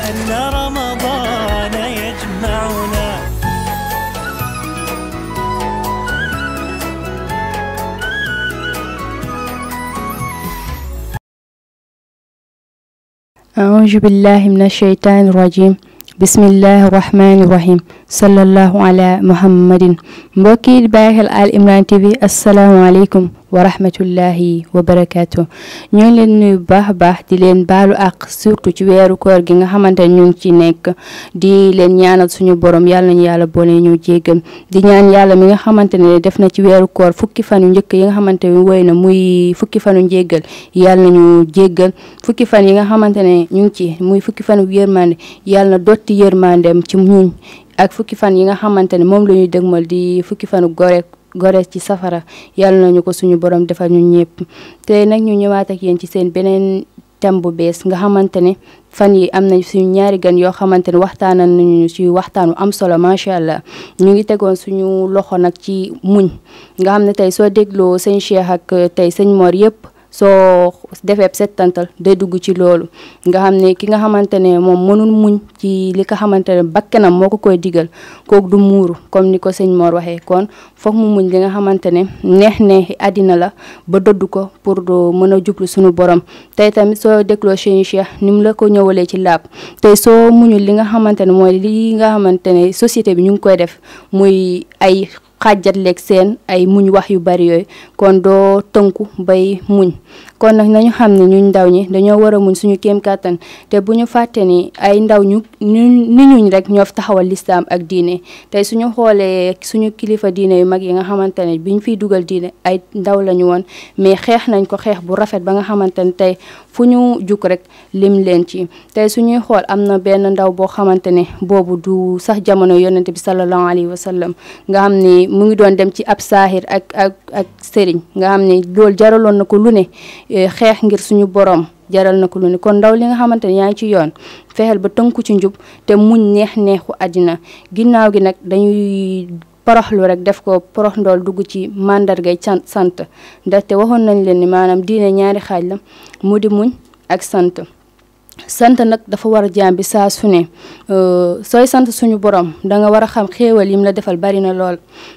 لأن رمضان يجمعنا أعوذ بالله من الشيطان الرجيم بسم الله الرحمن الرحيم صلى الله على محمد مبكي باهل آل إمران تي في السلام عليكم wa rahmatullahi wa barakaatu ñoo ngi leen nuyu baax baax di leen baalu ak surtout ci weeru koor gi nga xamante ñu ngi ci nekk di leen ñaanal suñu borom yàlla nañu yàlla boole ñu jéggal di ñaan yàlla mi nga xamante ne def na ci weeru koor fukki fan yu njëkk yi nga xamante ne woy na muy fukki fanu njéggal yàlla nañu jéggal fukki fan yi nga xamante ne ñu ngi ci muy fukki fanu yërmande yàlla na dotti yërmandeem ci ñun ak fukki fan yi nga xamante ne moom la ñuy dëgmal di fukki fanu gore gorees ci safara yàlla nañu ko suñu borom defal ñu ñëpp te nag ñu ñëwaat ak yéen ci seen beneen thème bu bees nga xamante ne fan yi am nañ su ñaari gan yoo xamante ne waxtaanal nañu ci waxtaanu am solo macha allah ñu ngi tegoon suñu loxo nag ci muñ nga xam ne tey soo dégloo sëñ Cheikh ak tey sëñ Mor yëpp. soo defee settantal day dugg ci loolu nga xam ne ki nga xamante ne moom mënul muñ ci li nga xamante ne bakkanam moo ko koy digal kook du muuru comme ni ko sëñ Mor waxee kon foog mu muñ li nga xamante ne neex neexi àddina la ba dëdd ko pour mën a jublu suñu borom te tamit soo dégloo sëñ Cheikh ni la ko ñëwalee ci laab te soo muñul li nga xamante ne mooy li nga xamante ne société bi ñu ngi koy def muy ay xaajatleeg seen ay muñ wax yu bari yooyu kon doo tënku bay muñ kon nag nañu xam ne ñuñ ndaw ñi dañoo war a muñ suñu kéem kàttan te bu ñu fàtte ni ay ndaw ñu ni ñuñ rek ñoo fi taxawal listaam ak diine tey suñu xoolee suñu kilifa diine yu mag yi nga xamante ne ñu fiy dugal diine ay ndaw lañu woon mais xeex nañ ko xeex bu rafet ba nga xamante ne tey fu ñu juk rek lim leen ci tey suñuy xool am na benn ndaw boo xamante ne boobu du sax jamono yonente bi sallallahu mu ngi doon dem ci ab saaxir ak ak ak sëriñ nga xam ne loolu jaraloon na ko lu ne eh, xeex ngir suñu borom jaral na ko lu ne kon ndaw li nga xamante ne yaa ngi ci yoon fexeel ba tënku ci njub te muñ neex neexu àddina ginnaaw gi nag dañuy poroxlu rek def ko porox ndool dugg ci màndargay can sant ndaxte waxoon nañu leen ni maanaam diine ñaari xaaj la mu di muñ ak sant sant nag dafa war a jaam bi saa su ne euh, sooy sant suñu borom da nga war a xam xéewal yim la defal bari na lool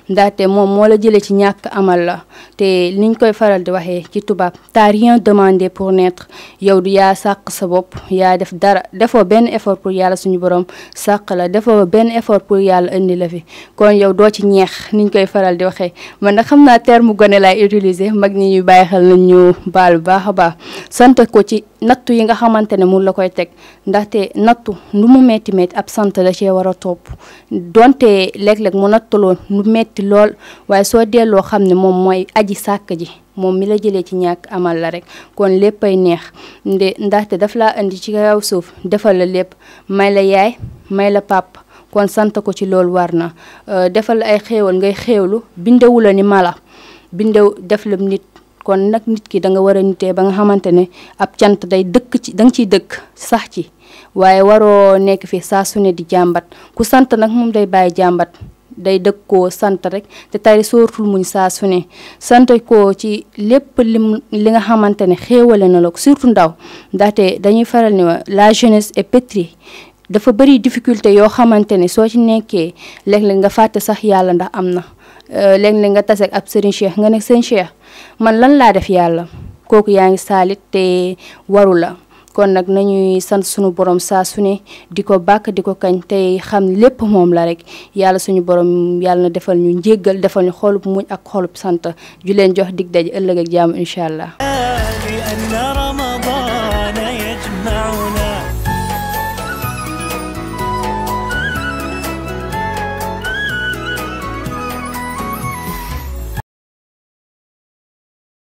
ndaxte moom moo la jëlee ci ñàkk amal la te niñ koy faral di waxee ci tubaab t'as rien demandé pour naître yow du yaa sàq sa bopp yaa def dara defoo benn effort pour yàlla suñu borom sàq la defoo benn effort pour yàlla indi la fi kon yow doo ci ñeex niñ koy faral di waxee man nag xam naa terme gone lay utiliser mag ñi ñuy bàyyi xel nañ ñu baal bu baax a baax koy teg ndaxte nattu nu mu metti metti ab sant la cee war a topp donte léeg-léeg mu nattaloon nu metti lool waaye soo delloo xam ne moom mooy aji sàkk ji moom mi la jëlee ci ñàkk amal la rek kon lépp ay neex ndaxte daf la indi ci kaw suuf defal la lépp may la yaay may la pàpp kon sant ko ci loolu war na defal ay xéewal ngay xéewlu bindewu ni mala bindew def la nit kon nag nit ki danga nga war a nitee ba nga xamante ne ab cant day dëkk ci da nga ciy dëkk sax ci waaye waroo nekk fii saa su di jàmbat ku sant nag moom day bàyyi jàmbat day dëkk ko sant rek te tari sóortul muñ saa su sant ko ci lépp lim li nga xamante ne xéewale na la ko surtout ndaw ndaxte dañuy faral ni la jeunesse et pétrie dafa bëri difficulté yoo xamante ne soo ci nekkee léeg nga fàtte sax yàlla ndax am na Eh, léeg-léeg nga tase ab sëriñ Cheikh nga ne sëriñ Cheikh man lan laa def yàlla kooku yaa ngi saalit te waru la kon nag nañuy sant suñu borom saa su ne di ko bàkk di ko kañ tey xam lépp moom la rek yàlla suñu borom yàlla na defal ñu njégal defal ñu xolub muñ ak xolub sant ju leen jox dig daje ëllëg ak jaamu incha allah